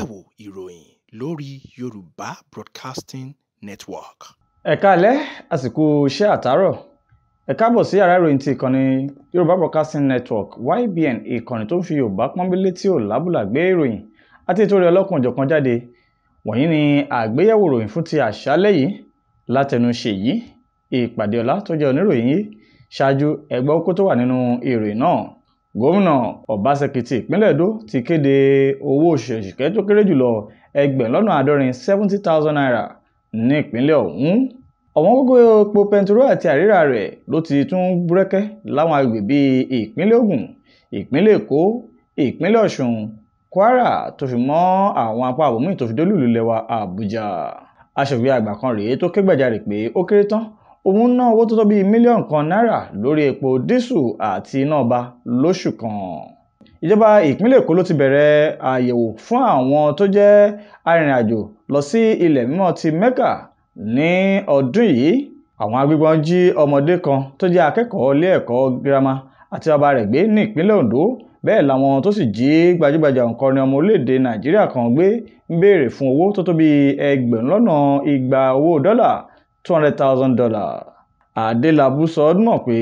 àgbéyẹ̀wò ìròyìn lórí Yorùbá Broadcasting Network. ẹ káalẹ́ àsìkò iṣẹ́ àtàárọ̀ ẹ káàbọ̀ sí yàrá ìròyìn ti ìkànnì Yorùbá Broadcasting Network YBN ìkànnì tó ń fi Yorùbá pọ́nbélé tí ò lábùlà gbé ìròyìn àti ètò rẹ̀ ọlọ́kùn òjọ̀kan jáde wọ̀nyí ni àgbéyẹ̀wò ìròyìn fún ti àṣálẹ́ yìí látẹnu Ṣèyí ìpàdé ọ̀la tó jẹ́ oníròyìn yìí ṣáájú ẹgbẹ́ okó tó wà nínú ìròyìn náà gómìnà ọbaṣẹ́kìtì ìpínlẹ̀ èdò ti kéde owó oṣù òṣìṣẹ́ tó kéré jùlọ ẹgbẹ̀rún lọ́nà àádọ́rin seventy thousand naira ní ìpínlẹ̀ ọ̀hún ọ̀wọ́n gógó epo pẹntiró àti àrírà rẹ̀ ló ti tún búrẹ́kẹ́ láwọn agbègbè bíi ìpínlẹ̀ Ògùn ìpínlẹ̀ Èkó ìpínlẹ̀ Ọ̀ṣun Kwara tó fi mọ́ àwọn apá àbòmí tó fi dólùlù lẹ́wà Àbújá aṣòfin àgbà kan rèé tó kẹ́gbàjarè pé ó kéré tán òun ná owó tó tó bíi mílíọ̀nù kan náírà lórí epo dísù àti iná ọba lóṣù kan ìjọba ìpínlẹ̀ èkó ló ti bẹ̀rẹ̀ àyẹ̀wò fún àwọn tó jẹ́ arìnrìnàjò lọ sí ilẹ̀ mímọ́ ti mẹ́kà ní ọdún yìí àwọn agbébọn jí ọmọdé kan tó jẹ́ akẹ́kọ̀ọ́ ilé ẹ̀kọ́ girama àti bàbá rẹ̀ gbé ní ìpínlẹ̀ ondo bẹ́ẹ̀ làwọn tó sì jí gbajúgbajà òǹkọrin ọmọ orílẹ̀-èdè nàìjíríà kan gbé ń béèrè fún owó tó tó bíi ẹgbẹ̀rún lọ́nà igba owó dọ́là two hundred thousand dollar adelabu sọ ọ́ mọ̀ pé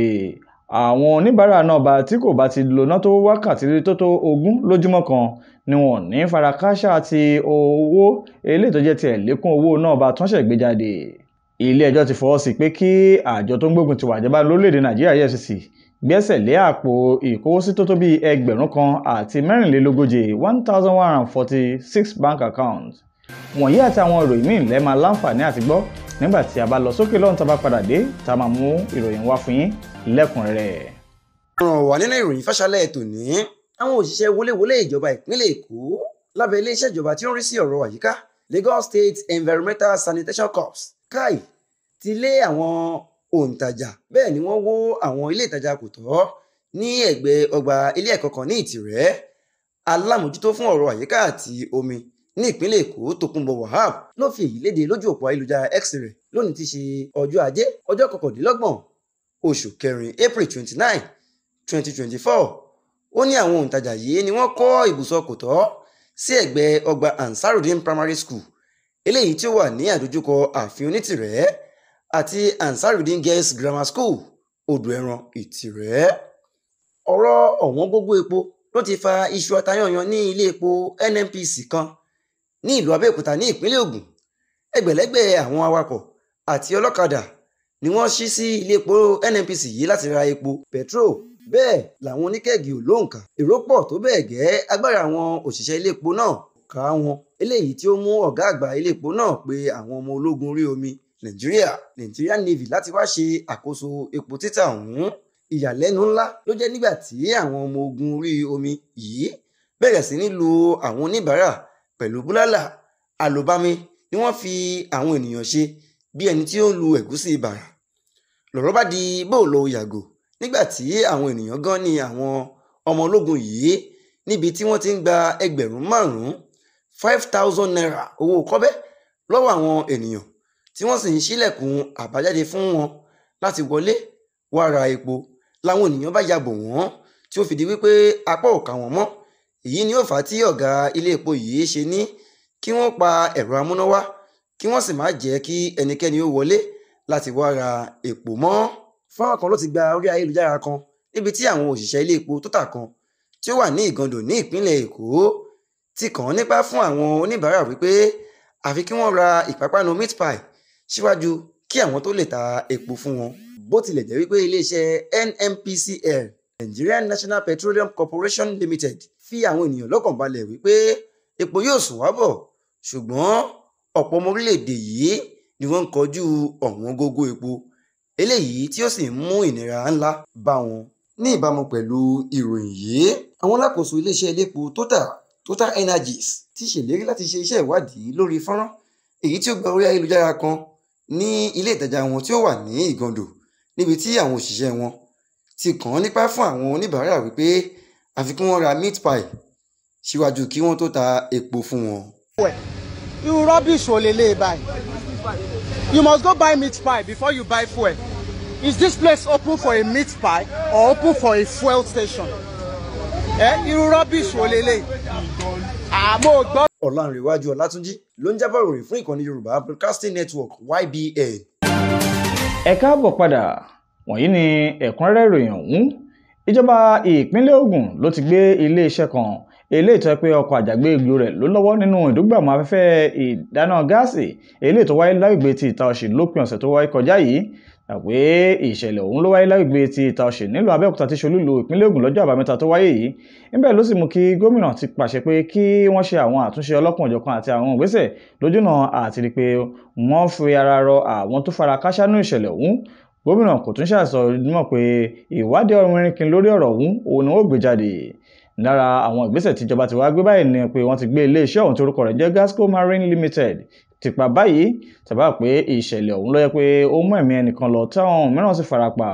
àwọn oníbàárà náà bá tí kò bá ti lo ná tó wákàtí tó tó ogún lójúmọ́ kan ni wọ́n ní farakásá ti owó eléyìí tó jẹ́ ti ẹ̀lékún owó náà bá tánṣẹ̀ gbé jáde ilé-ẹjọ́ ti fọwọ́ sí pé kí àjọ tó ń gbógun ti wàjọba lórílẹ̀‐èdè nàìjíríà EFCC gbẹ́sẹ̀ lé àpò ìkówósí tó tó bíi ẹgbẹ̀rún kan àti mẹ́rìnlélógóje one thousand one hundred forty six bank account wọ̀nyí àti àwọn ìròyìn míì lẹ́ẹ̀ máa láǹfààní àti gbọ́ nígbà tí a bá lọ sókè lọ́run tá a bá padà dé tá a máa mú ìròyìn wá fún yín lẹ́kùnrẹ́rẹ́. ọ̀ràn wà nínú ìròyìn fáṣálẹ̀ tòní àwọn òṣìṣẹ́ wọléwọlé ìjọba ìpínlẹ̀ èkó lábẹ́ iléeṣẹ́ ìjọba tí ó ń rí sí ọ̀rọ̀ àyíká Lagos State Environmental Sanitation Corps kai ti lé àwọn òǹtajà bẹ́ẹ̀ ni wọ́n wó àwọn ilé ìtajà kò tọ́ ní ẹ̀gbẹ́ ọgbà ilé ẹ̀kọ́ kan ní ìtìrẹ́ alámòjútó fún ọ̀rọ̀ àyíká àti omi ní ìpínlẹ̀ Èkó Tókunbọ̀ Wahab ló fi èyí léde lójú òpó ayélujára X rẹ̀ lónìí ti ṣe ọjọ́ ajé ọjọ́ kọkàndínlọ́gbọ̀n oṣù kẹrin April twenty nine twenty twenty four ó ní àwọn òǹtajà yìí ni wọ́n kọ́ ibùsọ̀ kòtọ́ sí ẹ̀gbẹ́ ọgbà Ansarudeen Primary School eléyìí tí ó wà ní àdójúkọ ààfin onítìrẹ àti Ansarudeen Girls Grammar School odò ẹran ìtìrẹ ọ̀rọ̀ ọ̀wọ́n gógó epo ló ti fa iṣu atayanyan ní ilé epo NNPC kan ní ìlú Abẹ́òkúta ní ìpínlẹ̀ Ògùn ẹgbẹ̀lẹ́gbẹ̀ àwọn awakọ̀ àti ọlọ́kadà ni wọ́n ṣí sí ilé epo NNPC yìí láti ra epo petrol bẹ́ẹ̀ làwọn oníkẹ́ẹ̀gì ò lóǹkà èrò pọ̀ tó bẹ́ẹ̀ gẹ́ agbára àwọn òṣìṣẹ́ ilé epo náà ká wọn eléyìí tí ó mú ọ̀gá àgbà ilé epo náà pé àwọn ọmọ ológun orí omi Nàìjíríà Nigerian Navy láti wá ṣe àkóso epo títà ọ̀hún ìyàlẹ́nu ńlá ló jẹ́ nígbà tí àwọn ọmọ ogun orí omi yìí bẹ̀rẹ̀ sí ní lu àwọn oníbàárà pẹ̀lú búlálà àlòbami ni wọ́n fi àwọn ènìyàn ṣe bí ẹni tí ó lu ẹ̀gúsí bàrà lọ̀rọ̀ bá di bóòlò yàgò nígbà tí àwọn ènìyàn gan ni àwọn ọmọ ológun yìí níbi tí wọ́n ti ń gba ẹgbẹ̀rún márùn-ún five thousand naira owó kọ́bẹ́ lọ́wọ́ àwọn ènìyàn tí wọ́n sì ń ṣílẹ̀kùn àbájáde fún wọn láti wọlé wá ra epo láwọn ènìyàn bá ya bò wọ́n tí ó fi di wípé apá ò wọn mọ́ èyí ni ó fà á tí ọ̀gá ilé epo yìí ṣe ní kí wọ́n pa ẹ̀rọ amúnáwá kí wọ́n sì má jẹ́ kí ẹnikẹ́ni ó wọlé láti wá ra epo mọ́. fọ́nrán kan ló ti gba orí ayélujára kan níbi tí àwọn òṣìṣẹ́ ilé epo Total kan tí ó wà ní Ìgandò ní ìpínlẹ̀ Èkó ti kàn án nípá fún àwọn oníbàárà wípé àfi kí wọ́n ra ìpápánu meat pie síwájú kí àwọn tó lè ta epo fún wọn. bó tilẹ̀ jẹ́ wípé iléeṣẹ́ NNPCL Nigerian National Petroleum Corporation Limited fi àwọn ènìyàn lọ́kàn balẹ̀ wípé epo yóò sùn wá bọ̀ ṣùgbọ́n ọ̀pọ̀ ọmọ orílẹ̀-èdè yìí ni wọ́n ń kojú ọ̀wọ́n gógó epo eléyìí tí ó sì ń mú ìnira ńlá bá wọn. ní ìbámu pẹ̀lú ìròyìn yìí àwọn alákòóso iléeṣẹ́ elépo total total energies ti ṣèlérí láti ṣe iṣẹ́ ìwádìí lórí fọ́nrán èyí tí ó gba orí ayélujára kan ní ilé ìtajà wọn tí ó wà ní ìgàndò níbi tí àwọn òṣìṣẹ́ wọn ti kàn án nípa fún àwọn oníbàárà wípé àfi kí ra meat pie síwájú kí wọ́n tó ta epo fún wọn. irú rubbish wo lè lè e báyìí you must go buy meat pie before you buy fuel is this place open for a meat pie or open for a fuel station eh? irú rubbish wo lè lè e? àmọ́ gbọ́. ọ̀làǹrẹ̀wájú ọ̀làtúnjì ló ń jábọ̀ ìròyìn fún ìkànnì yorùbá broadcasting network ybn. ẹ káàbọ̀ padà wọ̀nyí ni ẹ̀kúnrẹ́rẹ́ ìròyìn ọ̀hún ìjọba ìpínlẹ̀ Ògùn ló ti gbé iléeṣẹ́ kan eléyìí tó yẹ pé ọkọ̀ àjàgbé egbò rẹ̀ ló lọ́wọ́ nínú ìdúgbàmù afẹ́fẹ́ ìdáná gáàsì eléyìí tó wáyé lágbègbè ti ìta ọ̀sìn lópin ọ̀sẹ̀ tó wáyé kọjá yìí àpé ìṣẹ̀lẹ̀ ọ̀hún ló wáyé lágbègbè ti ìta ọ̀sìn nílùú Abẹ́òkúta tí ṣolú ìlú ìpínlẹ̀ Ògùn lọ́jọ́ àbámẹ́ta tó wáyé yìí níbẹ̀ ló sì mú kí gómìnà ti pàṣẹ pé kí wọ́n ṣe àwọn àtúnṣe ọlọ́kùn òjọ̀kan àti àwọn ìgbésẹ̀ lójúnà àti rí pé wọ́n fi ara rọ àwọn tó fara káṣá nú ìṣẹ̀lẹ̀ ọ̀hún gómìnà kò tún ṣàṣọ mọ̀ pé ìwádìí ọ̀rìnrìnkìn lórí ọ̀rọ̀ ọ̀hún òun ni wọ́n gbé jáde lára àwọn ìgbésẹ̀ tíjọba ti wá gbé báyìí ni pé wọ́n ti gbé iléeṣẹ́ ọ̀hún torúkọ rẹ̀ jẹ́ Gasco Marine Limited tìpa báyìí tàbá pé ìṣẹ̀lẹ̀ ọ̀hún ló yẹ pé ó mú ẹ̀mí ẹnìkan lọ táwọn mìíràn sì farapa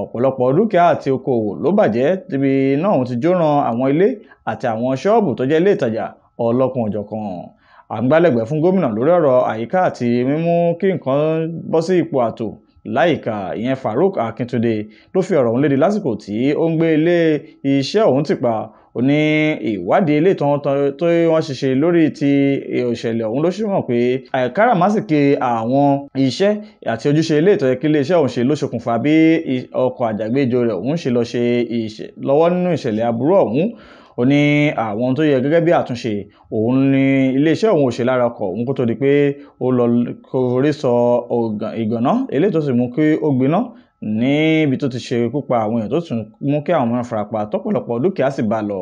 ọ̀pọ̀lọpọ̀ dúkìá àti okòwò ló bàjẹ́ tíbi náà ti jóran àwọn ilé àti àwọn ṣọ́ọ̀bù tó jẹ́ ilé ìtajà ọlọ́kùn òjọ̀kan àgbálẹ̀gbẹ́ fún gómìnà lórí ọ̀rọ̀ àyíká àti mímú kí nǹkan bọ́ sí ipò ààtò láìka ìyẹn Farouk Akíntúndé ló fi ọ̀rọ̀ ọ̀hún léde lásìkò tí ó ń gbé ilé iṣẹ́ ọ̀hún tì pa ó ní ìwádìí ilé ìtàn tó wọ́n ṣe ṣe lórí ti ìṣẹ̀lẹ̀ ọ̀hún ló ṣe mọ̀ pé àìkáràmásìkì àwọn iṣẹ́ àti ojúṣe ilé ìtọ́jú kí iléeṣẹ́ ọ̀hún ṣe ló ṣokùnfà bí ọkọ̀ àjàgbéjọ rẹ̀ ọ̀hún ṣe lọ ṣe lọ́wọ́ nínú ìṣẹ̀lẹ̀ aburú ọ̀hún ó ní àwọn tó yẹ gẹ́gẹ́ bí àtúnṣe òun ní iléeṣẹ́ òun ò ṣe lára ọkọ̀ òun kó tó di pé ó lọ forí sọ ìgànná eléyìí tó sì mú kí ó gbiná níbi tó ti ṣe ikú àwọn èèyàn tó tún mú kí àwọn mìíràn farapa tọ́pọ̀lọpọ̀ dúkìá sì bá lọ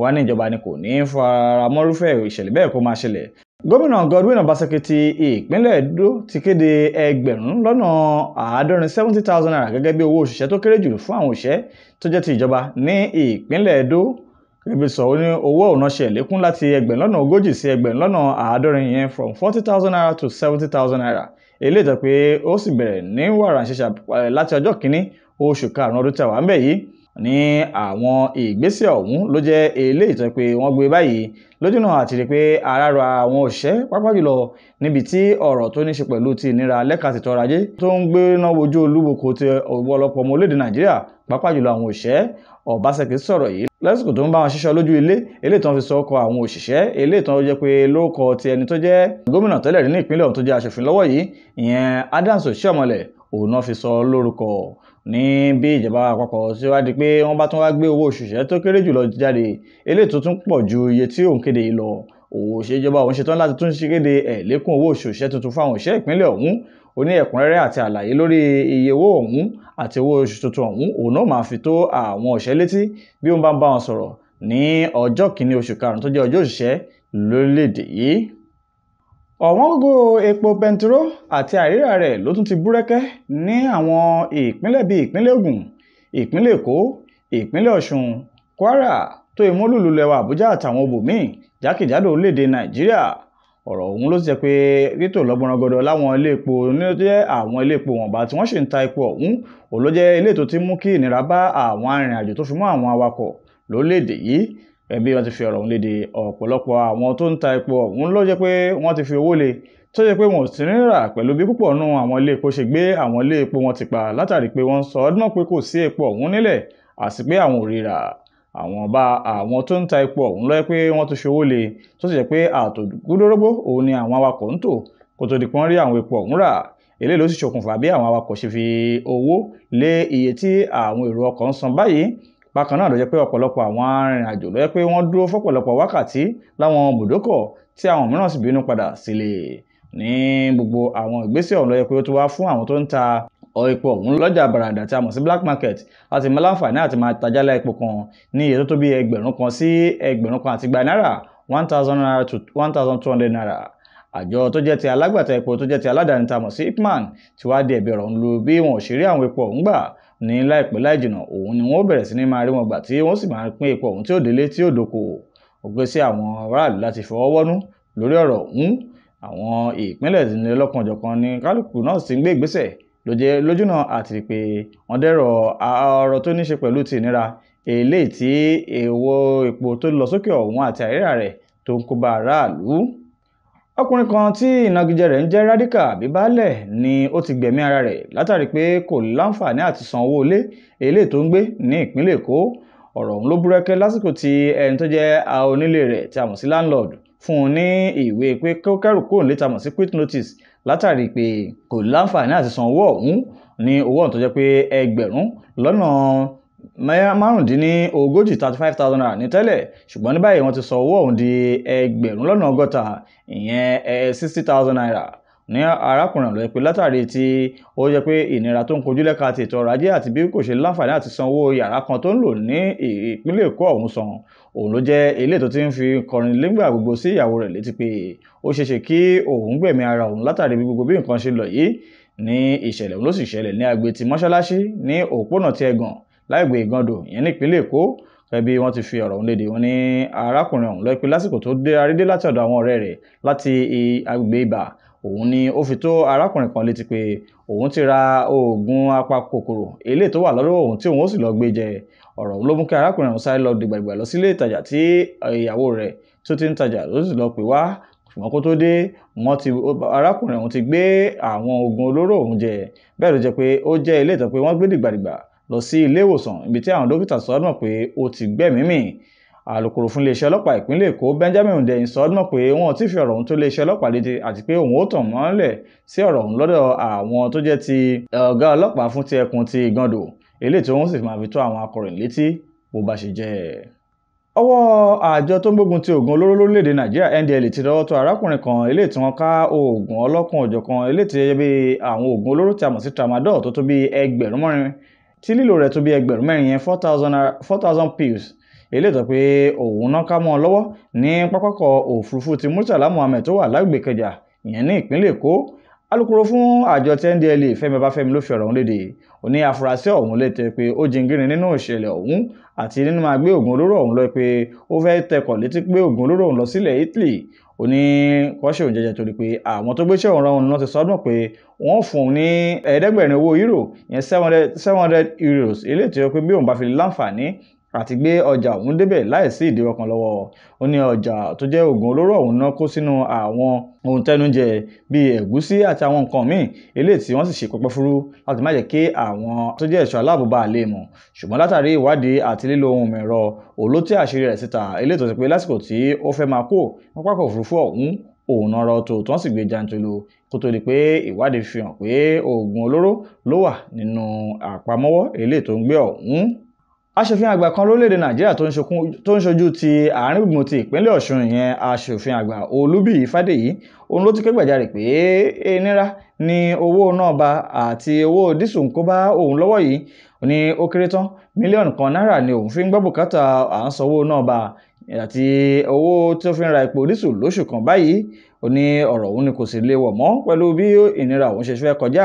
wá ní ìjọba ni kò ní í faramọ́rúfẹ́ ìṣẹ̀lẹ̀ bẹ́ẹ̀ kó máa ṣẹlẹ̀ gómìnà Godwin Obaseki ti ìpínlẹ̀ Edo ti kéde ẹgbẹ̀rún lọ́nà àádọ́rin seventy thousand naira gẹ́gẹ́ bí owó òṣìṣẹ́ tó kéré jù fún àwọn òṣìṣẹ́ tó jẹ́ ti ìjọba ní ìpínlẹ̀ Edo Ribiso ó ní owó ọ̀nà ṣe lékún láti ẹgbẹ̀rún lọ́nà ogójì sí ẹgbẹ̀rún lọ́nà àádọ́rin yẹn from forty thousand naira to seventy thousand naira eléyìí tó pé ó sì bẹ̀rẹ̀ ní wàrà ṣẹṣà eh, láti ọjọ́ kìíní oṣù karùn-ún ọdún tẹ̀wá ń bẹ̀ yìí ní àwọn ìgbésẹ̀ ọ̀hún ló jẹ́ eléyìí tó pé wọ́n gbé báyìí lójúnà àti rí pé ara rọ àwọn òṣìṣẹ́ pápá jùlọ níbi tí ọ̀rọ̀ tó ní ṣe pẹ̀lú ti ìnira lẹ́ka ti tọrọ ajé tó ń gbéná wojú olúboko ti ọ̀pọ̀lọpọ̀ ọmọ orílẹ̀-èdè Nàìjíríà pápá jùlọ àwọn òṣìṣẹ́ Ọbaṣẹ́kì sọ̀rọ̀ yìí lásìkò tó ń bá wọn ṣiṣọ́ lójú ilé eléyìí tó ń fi sọ ọkọ̀ àwọn òṣìṣẹ́ eléyìí tó ń jẹ́ pé lórúkọ ti ẹni tó jẹ́ gómìnà tẹ́lẹ̀ rí ní ìpínlẹ̀ ọ̀hún tó jẹ́ aṣòfin lọ́wọ́ yìí ìyẹn Adams Oshiomhole òun náà fi sọ lórúkọ ní bí ìjọba àpapọ̀ tí wá di pé wọ́n bá tún wá gbé owó òṣìṣẹ́ tó kéré jùlọ jáde eléyìí tó tún pọ̀ ju iye tí òun kéde yìí lọ òṣèjọba òun ṣetán láti tún ṣèkéde ẹ̀ẹ́lẹ́kùn owó òṣìṣẹ́ tuntun fáwọn òṣìṣẹ́ ìpínlẹ̀ ọ̀hún ó ní ẹ̀kúnrẹ́rẹ́ àti àlàyé lórí iye owó ọ̀hún àti owó oṣù tuntun ọ̀hún òun náà máa fi tó àwọn òṣìṣẹ́ létí bí ó bá ń bá wọn sọ̀rọ̀ ní ọjọ́ kìíní oṣù karùn-ún tó jẹ́ ọjọ́ òṣìṣẹ́ lórílẹ̀‐èdè yìí. ọ̀wọ́n gógó epo bẹntiró àti àìríra rẹ̀ ló tún ti búrẹ́kẹ́ ní àwọn ìpínlẹ̀ bíi ìpínlẹ̀ Ògùn ìpínlẹ̀ Èkó ìpínlẹ̀ Ọ̀ṣun Kwara tó ìmúlùlù lẹwa Àbújá àtàwọn ibòmíì jákèjádò orílẹ̀-èdè Nàìjíríà ọ̀rọ̀ ọ̀hún ló jẹ́ pé rítò lọ́gbọ̀nrangọdọ láwọn ilé epo ní jẹ́ àwọn ilé epo wọ̀nba tí wọ́n sì ń ta epo ọ̀hún òun ló jẹ́ ilé ètò tí mú kí ìnira bá àwọn arìnrìnàjò tó fi mọ́ àwọn awakọ̀ lórílẹ̀‐èdè yìí ẹbí wọn ti fi ọ̀rọ̀ ọ̀hún léde ọ̀pọ̀lọpọ̀ àwọn tó ń ta epo ọ̀hún ló jẹ́ pé wọ́n ti fi owó lé tó jẹ́ pé wọn ò sí ní rà pẹ̀lú bí púpọ̀ nù àwọn ilé epo ṣe gbé àwọn ilé epo wọn ti pa látàrí pé wọ́n sọ ọdún pé kò sí epo ọ̀hún nílẹ̀ àti pé àwọn ò rí rà àwọn bá àwọn tó ń ta epo ọ̀hún lọ́yẹ́ pé wọ́n ti ṣòwò le tó sì jẹ́ pé àtògúdórógbó òun ni àwọn awakọ̀ ń tò kó tó di pọ́n rí àwọn epo ọ̀hún rà eléyìí ló sì ṣokùnfà bí àwọn awakọ̀ ṣe fi owó lé iye tí àwọn èrò ọkọ̀ ń san báyìí bákan náà ló jẹ́ pé ọ̀pọ̀lọpọ̀ àwọn arìnrìnàjò ló jẹ́ pé wọ́n dúró fọ́pọ̀lọpọ̀ wákàtí láwọn bùdókọ̀ tí àwọn mìíràn sì bínú padà sílé ní gbogbo àwọn ìgbésẹ̀ ọ̀hún ló jẹ́ pé ó ti wá fún àwọn tó ń ta epo ọ̀hún lọ́jà bàràdà tí a mọ̀ sí black market a sì mọ láǹfààní àti máa tajálá epo kan ní iye tó tó bí ẹgbẹ̀rún kan sí ẹgbẹ̀rún kan àti igba náírà one thousand naira to one thousand two hundred naira àjọ tó jẹ́ ti alágbàtà epo tó jẹ́ ti aládàáni tá a mọ̀ sí ipman ti wá di ẹ̀bí ọ̀rọ̀ ń lu bí wọn ò ṣe rí àwọn epo ọ̀hún gbà ní láìpẹ́ láìjìnà òun ni wọ́n bẹ̀rẹ̀ sí ní máa rí wọn gbà tí wọ́n sì máa pín epo ọ̀hún tí ò délé tí ò dòkò ògbé sí àwọn aráàlú láti fọwọ́ wọ́nú lórí ọ̀rọ̀ ọ̀hún àwọn ìpínlẹ̀ ìdílé lọ́kànjọ̀kan ní kálukú náà sì ń gbé ìgbésẹ̀ ló jẹ́ lójúnà àti pé wọ́n dẹ́rọ̀ ọ̀rọ̀ tó ní ṣe pẹ̀lú ti ìnira eléyìí tí èèwọ̀ epo tó lọ sókè ọ̀hún àti àìríra rẹ̀ tó ń kó bá aráàlú. ọkùnrin kan tí ìnagijẹ rẹ̀ ń jẹ́ Rádíkà Bíbálẹ̀ ni ó ti gbẹ̀mí ara rẹ̀ látàrí pé kò láǹfààní àti san owó ilé eléyìí tó ń gbé ní ìpínlẹ̀ Èkó ọ̀rọ̀ ọ̀hún ló búrẹ́kẹ́ lásìkò tí ẹni tó jẹ́ onílé rẹ̀ tí a mọ̀ sí láńlọ́ọ̀dù fún un ní ìwé pé kó kẹ́rù kúrò nílé tí a sí quit notice látàrí pé kò láǹfààní àti san owó ọ̀hún ní owó ọ̀hún tó jẹ́ pé ẹgbẹ̀rún lọ́nà márùndínlógójì thirty five thousand naira ní tẹ́lẹ̀ ṣùgbọ́n ní báyìí wọ́n ti sọ owó ọ̀hún di ẹgbẹ̀rún lọ́nà ọgọ́ta ìyẹn eh, sixty thousand naira ní arákùnrin ló yẹ pé látàrí tí ó yẹ pé ìnira tó ń kojú lẹ́ka ti ètò ọrọ̀ ajé àti bí kò ṣe láǹfààní àti sanwó yàrá kan tó ń lò ní ìpínlẹ̀ Èkó ọ̀hún san òun ló jẹ́ ilé tó ti ń fi kọrin lẹ́gbàá gbogbo sí ìyàwó rẹ̀ létí pé ó ṣeéṣe kí òun gbẹ̀mí ara òun látàrí bí gbogbo bí nǹkan ṣe lọ yìí ní ìṣẹ̀lẹ̀ òun ló sì ṣẹlẹ̀ ní agbe ti mọ́ṣáláṣí ní òpónà ti ẹ̀gàn láìgbé ìgàndò ìyẹn nípínlẹ̀ Èkó gẹ́gẹ́ bí ti fi ọ̀rọ̀ òun léde wọn ní arákùnrin ọ̀hún lọ́ọ́ pé lásìkò tó dé arídé láti ọ̀dọ̀ àwọn ọ̀rẹ́ rẹ̀ láti agbègbè ibà òun ni ó fi tó arákùnrin kan létí pé òun ti ra oògùn apakòkòrò eléyìí tó wà lọ́wọ́ òun tí òun ó sì lọ gbé jẹ ọ̀rọ̀ ló mú kí arákùnrin ọ̀hún sáré lọ dìgbàdìgbà lọ sílé ìtajà tí ìyàwó rẹ̀ tó ti ń tajà ló sì lọ pè wá ṣùgbọ́n kó tó dé wọ́n ti arákùnrin ọ̀hún ti gbé àwọn oògùn olóró òun jẹ bẹ́ẹ̀ ló jẹ́ pé ó jẹ́ ilé ìtàn pé wọ́n gbé dìgbàdìgbà lọ sí ilé ìwòsàn ibi tí àwọn dókítà sọ́nà alūkkóró fún iléeṣẹ́ ọlọ́pàá ìpínlẹ̀ èkó benjamin hundeyin sọ ọdún pé wọn ti fi ọ̀rọ̀ ọ̀hún tó iléeṣẹ́ ọlọ́pàá létí àti pé òun ó tàn mọ́lẹ̀ sí ọ̀rọ̀ ọ̀hún lọ́dọ̀ àwọn tó jẹ́ ti ọ̀gá ọlọ́pàá fún ti ẹkùn ti ìgàndò eléyìí tí wọ́n sì máa fi tó àwọn akọ̀ròyìn létí bó bá ṣe jẹ́ ọwọ́ àjọ tó ń gbógun ti oògùn olóró lórílẹ̀‐èdè nàìjíríà ndl ti dọwọ́ tó arákùnrin kan eléyìí tí wọ́n ká oògùn ọlọ́kùn òjọ̀kan eléyìí tí yẹ bí àwọn oògùn olóró tí a mọ̀ eléyìí tó pé òun náà ká mọ́ ọ lọ́wọ́ ní pápákọ̀ òfurufú ti Murtala Muhammed tó wà lágbègbè Ìkẹjà ìyẹn ní ìpínlẹ̀ Èkó alukoro fún àjọ tí NDLEA Fẹ́mi Ọbáfẹ́mi ló fi ọ̀rọ̀ ọ̀hún léde ó ní afurasí ọ̀hún lè tẹ pé ó jingiri nínú ìṣẹ̀lẹ̀ ọ̀hún àti nínú máa gbé oògùn olóró ọ̀hún lọ pé ó fẹ́ tẹkọ̀ létí pé oògùn olóró ọ̀hún lọ sílẹ̀ Italy ó ní kọ́ṣẹ́ òun jẹjẹ torí pé àwọn tó gbéṣẹ́ ọ̀hún náà ti sọ́dún pé wọ́n fún un ní ẹ̀ẹ́dẹ́gbẹ̀rin owó euro yẹn seven hundred euros eléyìí tó yẹ pé bí òun bá fi láǹfààní àti gbé ọjà ọ̀hún débẹ̀ láìsí ìdíwọ́ kan lọ́wọ́ ó ní ọjà tó jẹ́ oògùn olóró ọ̀hún náà kó sínú àwọn ohun tẹnujẹ bíi ẹ̀gúsí àti àwọn nǹkan míì eléyìí tí wọ́n sì ṣe pẹ́pẹ́ fúrú láti má jẹ́ kí àwọn tó jẹ́ ẹ̀ṣọ́ aláàbò bá lè mọ̀ ṣùgbọ́n látàrí ìwádìí àti lílo ohun ẹ̀rọ olótí àṣírí rẹ̀ síta eléyìí tó ti pé lásìkò tí ó fẹ́ máa kó pápákọ̀ òfurufú ọ̀hún òun ọ̀rọ̀ tòótọ́ sì gbé jantolo kó tó di pé ìwádìí fi hàn pé oògùn olóró ló wà nínú àpamọ́wọ́ eléyìí tó ń gbé ọ̀hún aṣòfin àgbà kan lórílẹ̀‐èdè nàìjíríà tó ń ṣojú ti àárín gbùngbùn ti ìpínlẹ̀ ọ̀ṣun ìyẹn aṣòfin àgbà olúbíyí fádèyí òun ló ti ké gbàjarè pé ìnira ni owó náà ba àti owó dísù ń kó bá òun lọ́wọ́ yìí ní ó kéré tán mílíọ̀nù kan náírà ni òun fi ń gbọ́ bùkátà à ń sanwó náà ba àti owó tó fi ń ra epo dísù lóṣù kan báyìí ó ọ̀rọ̀ òun ni kò sì lè wọ̀ mọ́ pẹ̀lú bí ìnira òun ṣe fẹ́ kọjá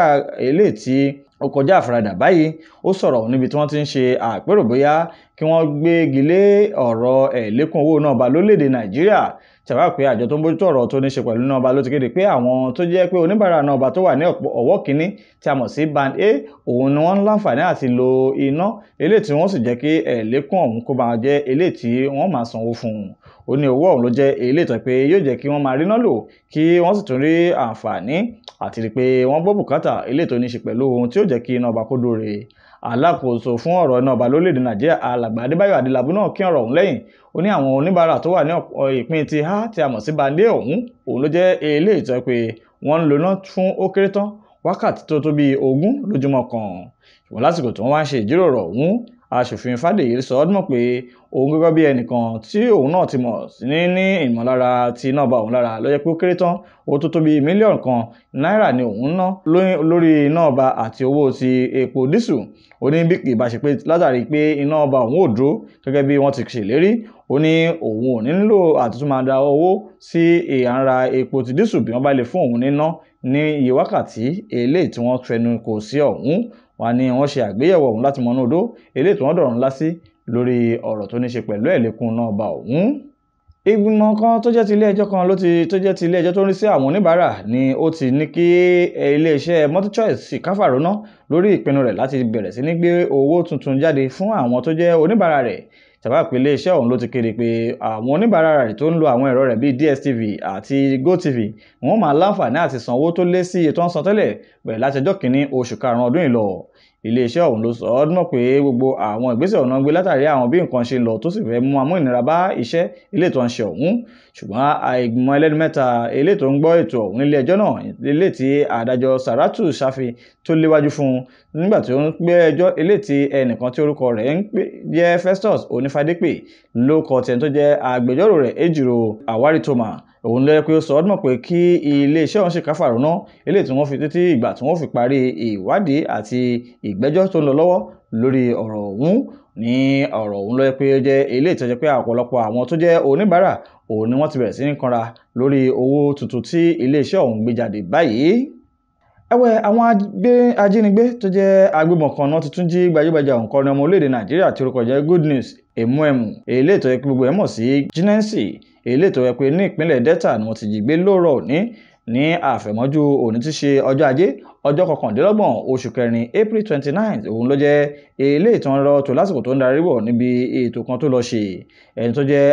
eléyìí ó kọjá àfaradà báyìí ó sọ̀rọ̀ níbi tí wọ́n ti ń ṣe àpérò bóyá kí wọ́n gbégi lé ọ̀rọ̀ ẹ̀ẹ́dẹ́kùn owó náà ba lórílẹ̀‐èdè nàìjíríà tẹ̀wá pé àjọ tó ń bójútó ọ̀rọ̀ tó ní ṣe pẹ̀lú náà ba ló ti kéde pé àwọn tó jẹ́ pé oníbàárà náà ba tó wà ní ọ̀wọ́ kínní tí a mọ̀ sí band a òun ni wọ́n ń láǹfààní àti lo iná eléyìí tí wọ́n sì jẹ́ kí ẹ̀ẹ́dẹ́kùn ọ̀hún kó máa jẹ́ eléyìí tí wọ́n máa sanwó fún un ó ní owó ọ̀hún ló jẹ́ eléyìí tó pé yóò jẹ́ kí wọ́n máa ríná lò kí wọ́n sì tún rí àǹfààní àti rí pé wọ́n gbọ́ bùkátà eléyìí tó ní ṣe pẹ̀lú ohun tí yóò jẹ́ kí iná ọba kó dòrè alákòóso fún ọ̀rọ̀ iná ọba lórílẹ̀‐èdè nàìjíríà alàgbà adébáyọ̀ adélábù náà kí ọ̀rọ̀ ọ̀hún lẹ́yìn ó ní àwọn oníbàárà tó wà ní ìpín ti ha tí a sí bande ọ̀hún òun ló jẹ́ eléyìí tó pé wọ́n ń loná fún ó kéré tán wákàtí tó tó bíi ogún lójúmọ́ kan ṣùgbọ́n lásìkò tí wọ́n wá ń ṣe ìjíròrò ọ̀hún aṣòfin fàdèyí sọ ọ́ dùn pé òun gẹ́gẹ́ bí ẹnìkan tí òun náà ti mọ̀ ní ní ìmọ̀lára tí iná bá òun lára ló yẹ pé ó kéré tán ó tó tó bí mílíọ̀nù kan náírà ni òun ná lórí iná ọba àti owó ti epo dísù ó ní bí kì í bá ṣe pé látàrí pé iná ọba òun ò dúró gẹ́gẹ́ bí wọ́n ti ṣèlérí ó ní òun ò nílò àtúntún máa da owó sí ìhànra epo ti dísù bí wọ́n bá lè fún òun níná ní iye wákàtí eléyìí tí wọ́n fẹnu kò sí ọ̀hún wọ́n ní wọ́n ṣe àgbéyẹ̀wò ọ̀hún láti mọ̀nú odó eléyìí tí wọ́n dọ̀rọ̀ ńlá sí lórí ọ̀rọ̀ tó ní ṣe pẹ̀lú ẹ̀lẹ́kùn náà bá òun ìgbìmọ̀ kan tó jẹ́ ti ilé ẹjọ́ kan tó jẹ́ ti ilé ẹjọ́ tó ń rí sí àwọn oníbàárà ni ó ti ní kí iléeṣẹ́ multichoice sì káfàróná lórí ìpinnu rẹ̀ láti bẹ̀rẹ̀ sí ní gbé owó tuntun jáde fún àwọn tó jẹ́ oníbàárà rẹ̀ ṣàbá pé iléeṣẹ́ ọ̀hún ló ti kéde pé àwọn oníbàárà rẹ̀ tó ń lo àwọn ẹ̀rọ rẹ̀ bíi DSTV àti GoTV wọ́n máa láǹfààní àti san owó tó lé sí ètò ọ̀sán tẹ́lẹ̀ bẹ̀rẹ̀ láti ọjọ́ kìíní oṣù karùn-ún ọdún yìí lọ iléeṣẹ́ ọ̀hún ló sọ ọ́ dúnmọ̀ pé gbogbo àwọn ìgbésẹ̀ ọ̀nà gbé látàrí àwọn bí nǹkan ṣe lọ tó sì fẹ́ mú amú ìnira bá iṣẹ́ ilé tó ń ṣe ọ̀hún ṣùgbọ́n àìgbìmọ̀ ẹlẹ́ni mẹ́ta ilé tó ń gbọ́ ètò ọ̀hún ilé ẹjọ́ náà ilé tí adájọ́ Saratu Ṣàfi tó léwájú fún un nígbà tí ó ń gbé ẹjọ́ ilé tí ẹnìkan tí orúkọ rẹ̀ ń jẹ́ Festus Onífádépè ló kọ tẹ̀ tó jẹ́ agbẹjọ́rò rẹ̀ Ejiro Awari Toma òun ló yẹ kí ó sọ ọdún mọ̀ pé kí iléeṣẹ́ ọ̀hún ṣèkáfà rúná eléyìí tí wọ́n fi títí ìgbà tí wọ́n fi parí ìwádìí àti ìgbẹ́jọ́ tó ń lọ lọ́wọ́ lórí ọ̀rọ̀ ọ̀hún ní ọ̀rọ̀ ọ̀hún ló yẹ pé ó jẹ́ eléyìí tó jẹ́ pé ọ̀pọ̀lọpọ̀ àwọn tó jẹ́ oníbàárà òun ni wọ́n ti bẹ̀rẹ̀ sí ní kanra lórí owó tuntun tí iléeṣẹ́ ọ̀hún gbé jáde báyìí ẹ̀wẹ̀ àwọn ajínigbé tó jẹ́ agbébọn kan náà ti tún jí gbajúgbajà òǹkọrin ọmọ orílẹ̀ nàìjíríà tí orúkọ jẹ́ Good News Èmúẹmù eléètò yẹ pé gbogbo ẹ̀ mọ̀ sí Jínéǹsì eléètò yẹ pé ní ìpínlẹ̀ Delta ni wọ́n ti jí gbé lóòrọ̀ òní ní àfẹ̀mọ́jú òní ti ṣe ọjọ́ ajé ọjọ́ kọkàndínlọ́gbọ̀n oṣù kẹrin April twenty nine òun ló jẹ́ ilé ìtàn tó lásìkò tó ń darí bọ̀ níbi ètò kan tó lọ ṣe ẹni tó jẹ́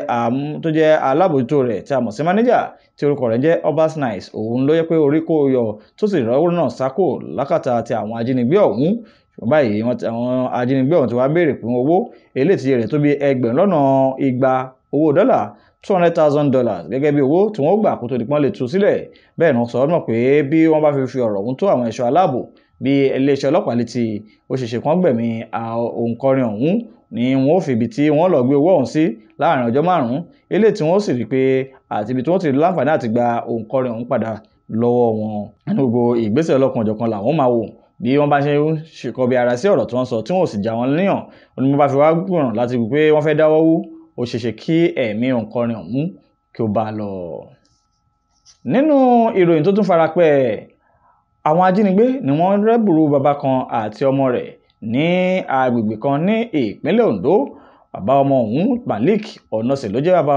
tó jẹ́ alábòjútó rẹ̀ tí a mọ̀ sí mánéjà tí orúkọ rẹ̀ jẹ́ obas nice òun ló yẹ pé orí kó yọ tó sì rọ́wọ́ náà sákò lákàtà ti àwọn ajínigbé ọ̀hún ṣùgbọ́n báyìí àwọn ajínigbé ọ̀hún ti wá béèrè pé owó eléyìí ti rẹ̀ tó bí ẹgbẹ̀rún lọ́nà igba owó dọ́là two hundred thousand dollars gẹ́gẹ́ bí owó tí wọ́n gbà kó tó di pọ́n lè tú sílẹ̀ bẹ́ẹ̀ ni wọ́n sọ ọ́nà pé bí wọ́n bá fi fi ọ̀rọ̀ ọ̀hún tó àwọn ẹ̀ṣọ́ aláàbò bí iléeṣẹ́ ọlọ́pàá létí ó ṣeéṣe kán gbẹ̀mí òǹkọrin ọ̀hún ni wọn ò fìbi tí wọ́n lọ gbé owó ọ̀hún sí láàrin ọjọ́ márùn-ún eléyìí tí wọ́n sì rí pé àti ibi tí wọ́n ti rí láǹfààní àti gba òǹkọrin ọ̀hún padà lọ́wọ́ wọn. nínú gbogbo ìgbésẹ̀ ọlọ́kan ọ̀jọ̀kan làwọn máa wò bí wọ́n bá ṣe ń ṣèkọbi ara sí ọ̀rọ̀ tí wọ́n sọ tí wọ́n ò sì já wọn níyàn ni mo bá fi wá gbọ̀ràn láti wí pé wọ́n fẹ́ dáwọ́ wú ó ṣeéṣe kí ẹ̀mí òǹkọrin ọ̀hún kí ó bá a lọ. nínú ìròyìn tó tún farapẹ́ àwọn ajínigbé ni wọ́n rẹ́bùrú bàbá kan àti ọmọ rẹ̀ ní agbègbè kan ní ìpínlẹ̀ Ondo bàbá ọmọ ọ̀hún Malik Ọ̀nàsẹ̀ ló jẹ́ bàbá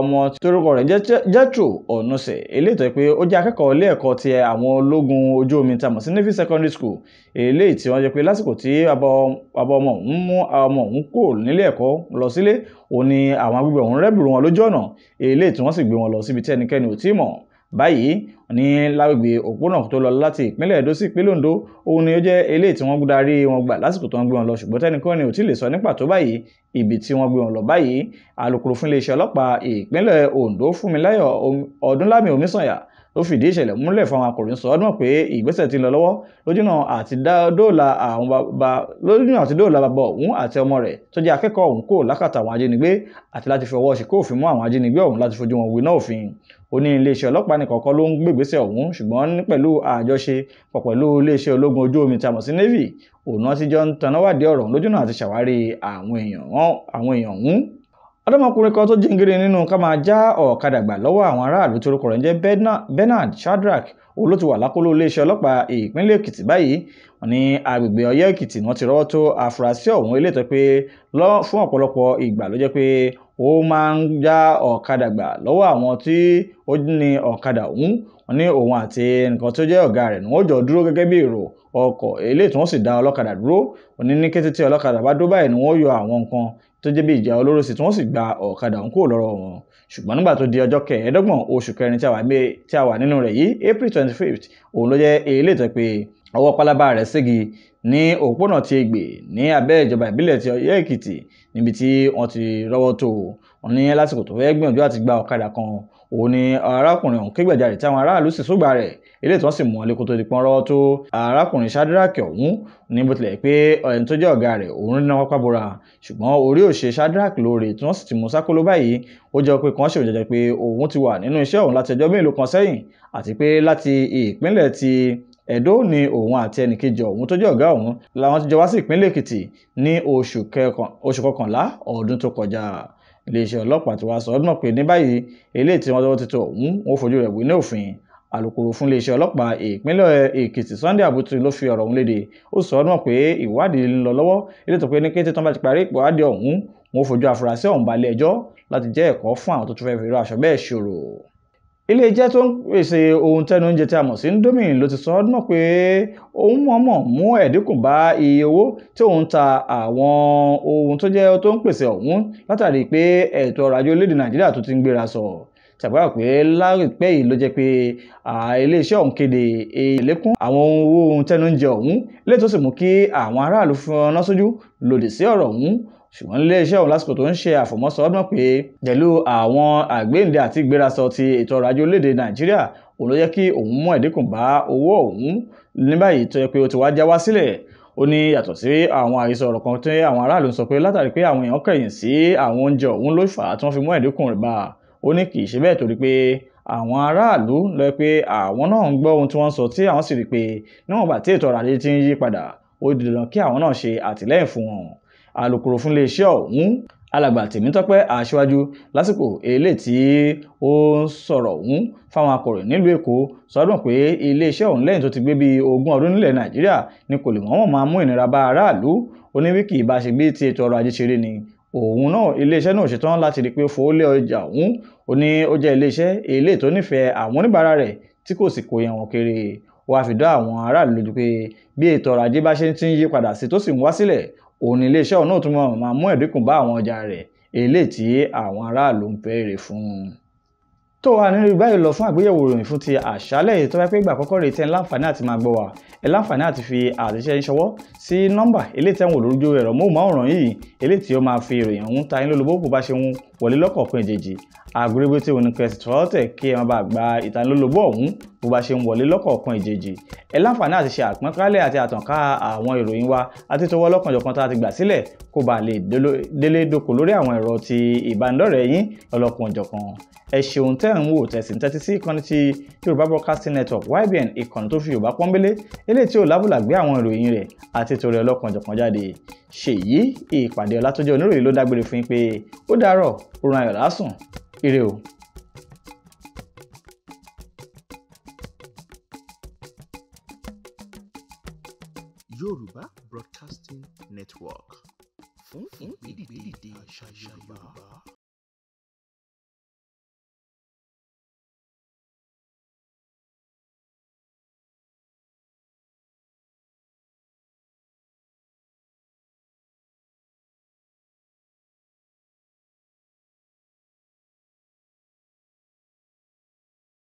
ọmọ tí orúkọ rẹ̀ Jethro Ọ̀nàsẹ̀ eléyìí tó pé ó jẹ́ akẹ́kọ̀ọ́ ilé ẹ̀kọ́ ti àwọn ológun ojú omi tá a mọ̀ sí Navy Secondary School eléyìí tí wọ́n jẹ́ pé lásìkò tí bàbá ọmọ ọ̀hún mú ọmọ ọ̀hún kò nílé ẹ̀kọ́ lọ sílé òun ni àwọn agbègbè ọ̀hún rẹ́bùrú wọn lójú ọ̀nà eléyìí tí wọ́n sì gbé wọn lọ síbi tí ẹnikẹ́ni ò tí ì mọ̀ báyìí ní lágbègbè òpópónà tó lọ láti ìpínlẹ̀ Èdó sí ìpínlẹ̀ Ondo òun ni ó jẹ́ eléyìí tí wọ́n darí wọn gbà lásìkò tó ń gbé wọn lọ ṣùgbọ́n tẹ́nikọ́ ni ò tí ì lè sọ ní pàtó báyìí ibi tí wọ́n gbé wọn lọ báyìí alukoro fún iléeṣẹ́ ọlọ́pàá ìpínlẹ̀ Ondo Fúnmiláyọ̀ Ọdúnlámì Omísànyà tó fìdí ìṣẹ̀lẹ̀ múlẹ̀ fún àwọn akọ̀ròyìn sọ ọdún pé ìgbésẹ̀ ti lọ lọ́wọ́ lójúnà àti dóòlà àwọn bàbá lójúnà àti dóòlà bàbá òun àti ọmọ rẹ̀ tó jẹ́ akẹ́kọ̀ọ́ òun kò lákàtà àwọn ajínigbé àti láti fi ọwọ́ ṣìkó òfin mú àwọn ajínigbé ọ̀hún láti fojú wọn winá òfin ó ní iléeṣẹ́ ọlọ́pàá nìkan kọ́ ló ń gbègbésẹ̀ ọ̀hún ṣùgbọ́n pẹ̀lú àjọṣe pọ̀ pẹ̀lú iléeṣẹ́ ológun ojú omi tí a mọ̀ sí navy òun náà ti jọ ń tanáwádìí ọ̀rọ̀ lójúnà àti ṣàwárí àwọn èèyàn ọ̀hún ọ̀dọ́mọkùnrin kan tó jìngírin nínú ká máa já ọ̀kadà gbà lọ́wọ́ àwọn aráàlú tí orúkọ rẹ̀ ń jẹ́ Bernard Shadrack olótùwà lákòlò iléeṣẹ́ ọlọ́pàá ìpínlẹ̀ Èkìtì báyìí wọ́n ní agbègbè Ọ̀yẹ́ Èkìtì náà ti rọ́wọ́ tó afurasí ọ̀hún eléyìí tó pé fún ọ̀pọ̀lọpọ̀ ìgbà ló jẹ́ pé ó máa ń já ọ̀kadà gbà lọ́wọ́ àwọn tí ó ní ọ̀kadà ọ̀hún wọ́n ní òun àti nǹkan tó jẹ́ ọ̀gá rẹ̀ ni wọ́n jọ dúró gẹ́gẹ́ bí èrò ọkọ̀ eléyìí tí wọ́n sì dá ọlọ́kadà dúró wọ́n ní ní kété tí ọlọ́kadà bá dó báyìí ni wọ́n yọ àwọn nǹkan tó jẹ́ bí ìjà olóró sí tí wọ́n sì gba ọ̀kadà ọ̀hún kúrò lọ́rọ̀ wọn ṣùgbọ́n nígbà tó di ọjọ́ kẹẹ̀ẹ́dọ́gbọ̀n oṣù kẹrin tí a wà nínú rẹ̀ yìí April twenty fifth òun ló jẹ́ eléyìí tó pé ọwọ́ pálábá rẹ̀ ségi ní òpópónà ti Ẹ̀gbẹ́ ní abẹ́ ìjọba ìbílẹ̀ ti Ọ̀yẹ́ Èkìtì níbi tí wọ́n ti rọ́wọ́ tó wọ́n ní lásìkò tó fẹ́ẹ́ gbìyànjú àti gba ọ̀kadà kan òun ni arákùnrin ọ̀hún kégbàjarè tí àwọn aráàlú sì sógbà rẹ̀ ilé tí wọ́n sì mú ọ lẹ́kọ́ tó di pọ́n rọ́wọ́ tó arákùnrin Ṣádraàkì ọ̀hún ní bó tilẹ̀ pé eh, ẹni tó jẹ́ ọ̀gá rẹ̀ òun rí pápá bora ṣùgbọ́n orí òṣè Ṣádraàkì lóore tí wọ́n sì ti mú sákóló báyìí ó jọ pé kàn ṣèwọ̀n jẹjẹ pé òun ti wà nínú iṣẹ́ òun láti ọjọ́ mélòó kan sẹ́yìn àti pé láti ìpínlẹ̀ ti Ẹdó ni òun àti ẹnìkejì ọ̀hún tó jẹ́ ọ̀gá ọ̀hún làwọn ti jọ wá sí ìpínlẹ̀ Èkìtì ní oṣù kọkànlá ọdún tó kọjá iléeṣẹ́ ọlọ́pàá ti wá sọ ọdún pé ní báyìí eléyìí tí wọ́n lọ́wọ́ ti tó ọ̀hún wọ́n fojú rẹ̀ wé ní òfin alūkkóró fún iléeṣẹ́ ọlọ́pàá ìpínlẹ̀ èkìtì sunday abutu ló fi ọ̀rọ̀ ọ̀hún léde ó sọ ọdún pé ìwádìí ń lọ lọ́wọ́ eléyìí tó pé ní kété tán bá ti parí ìwádìí ọ̀hún wọ́n fojú afurasí ọ̀hún balẹ̀ ẹjọ́ láti jẹ́ ẹ̀kọ́ fún àwọn tó tún fẹ́ fi irú aṣọ bẹ́ẹ̀ ṣòro ilé iṣẹ́ tó ń pèsè ohun tẹnu oúnjẹ tí a mọ̀ sí Indomie ló ti sọ ọ́ mọ̀ pé òun mọ̀ọ́mọ̀ mú ẹ̀dínkù bá iye owó tí òun ta àwọn ohun tó jẹ́ tó ń pèsè ọ̀hún látàrí pé ètò ọrọ̀ ajé orílẹ̀-èdè Nàìjíríà tó ti ń gbéra sọ tàbí pé láìpẹ́ yìí ló jẹ́ pé iléeṣẹ́ ọ̀hún kéde ìlékún àwọn owó ohun tẹnu oúnjẹ ọ̀hún ilé tó sì mú kí àwọn aráàlú fi ọ̀nà ṣùgbọ́n iléeṣẹ́ ọ̀hún lásìkò tó ń ṣe àfọ̀mọ́sọ ọdún pé pẹ̀lú àwọn àgbéǹde àti ìgbérasọ ti ètò ọrọ̀ ajé orílẹ̀-èdè nàìjíríà òun ló yẹ kí òun mú ẹ̀dínkù bá owó òun ní báyìí tó yẹ pé ó ti wá já wá sílẹ̀ ó ní yàtọ̀ sí àwọn àhesọ ọ̀rọ̀ kan tí àwọn aráàlú ń sọ pé látàrí pé àwọn èèyàn kẹ̀yìn sí àwọn oúnjẹ òun ló fà á tí wọ́n fi mú ẹ̀dínkù rẹ̀ bá ó ní kì í ṣe bẹ́ẹ̀ torí pé àwọn aráàlú lọ pé àwọn náà ń gbọ́ ohun tí wọ́n sọ tí àwọn sì rí pé níwọ̀n tí ètò ọrọ̀ ajé ti ń yí padà ó di kí àwọn náà ṣe àtìlẹ́yìn fún wọn alukoro fún iléeṣẹ́ ọ̀hún alàgbà tèmítọ́pẹ́ aṣíwájú lásìkò èlé tí ó ń sọ̀rọ̀ ọ̀hún fáwọn akọ̀ròyìn nílùú èkó sọdún pé iléeṣẹ́ ọ̀hún lẹ́yìn tó ti gbé bíi ogún ọdún nílẹ̀ nàìjíríà ni kò lè mọ̀ọ́mọ̀ máa mú ìnira bá aráàlú oníwíkì ìbáṣegbé ti ètò ọrọ̀ ajé ṣeré ni òun náà iléeṣẹ́ náà ṣetán láti rí i pé fòólé ọjà ọ̀hún ó ní ó jẹ́ iléeṣẹ́ èlé tó nífẹ̀ẹ́ àwọn oníbàárà rẹ̀ tí kò sì kó yẹn wọn kéré ó wáá fi dá àwọn aráàlú lójú pé bí ètò ọrọ̀ ajé bá ṣe ti ń yí padà sí tó sì ń wá sílẹ̀ òun ni iléeṣẹ́ ọ̀hún náà máa mú ẹ̀dínkù bá àwọn ọjà rẹ̀ eléyìí tí àwọn aráàlú ń béèrè fún tó wà nínú báyìí lọ fún àgbéyẹ̀wò ìròyìn fún ti àṣálẹ̀ tó bá pé ìgbà àkọ́kọ́ rèé tẹ́ ń láǹfààní àti máa gbọ́ wa ẹ láǹfààní àti fi àtẹ̀jíṣẹ́ ń ṣọwọ́ sí nọ́mbà eléyìí tẹ́ ń wò lójú ẹ̀rọ móhùnmáwòrán yìí eléyìí tí ó máa fi ìròyìn ọ̀hún ta yín lólobó bá ṣe ń wọlé lọ́kọ̀ọ̀kan ìjèjì àgórígbé tí òun kẹsì tọ́tẹ̀ kí ẹ máa bá gba ìtanilólobó ọ̀hún bó bá ṣe ń wọlé lọ́kọ̀ọ̀kan ìjèjì ẹ láǹfààní àti ṣe àpọ́nkálẹ̀ àti àtànká àwọn ìròyìn wa àti tọwọ́ lọ́kànjọ̀kan tá a ti gbà sílẹ̀ kó bá lè délé dóko lórí àwọn ẹ̀rọ ti ìbánidọ́rẹ̀ẹ́ yín ẹ ṣeun tẹ́ tẹ́ ń wò tẹ̀sí tẹ́tí sí ti yorùbá broadcasting network ybn ìkànnì tó fi yorùbá pọ́nbélé eléyìí tí ò lábùlà gbé àwọn ìròyìn rẹ̀ àti ètò rẹ̀ ọlọ́kanjọ̀kan jáde ṣèyí ìpàdé ọlátọ́jọ́ oníròyìn ló dágbére fún yín pé ó dàárọ̀ oorun ayọ̀ lásùn ire o. yorùbá broadcasting network fún ìgbèdìde àṣà yorùbá.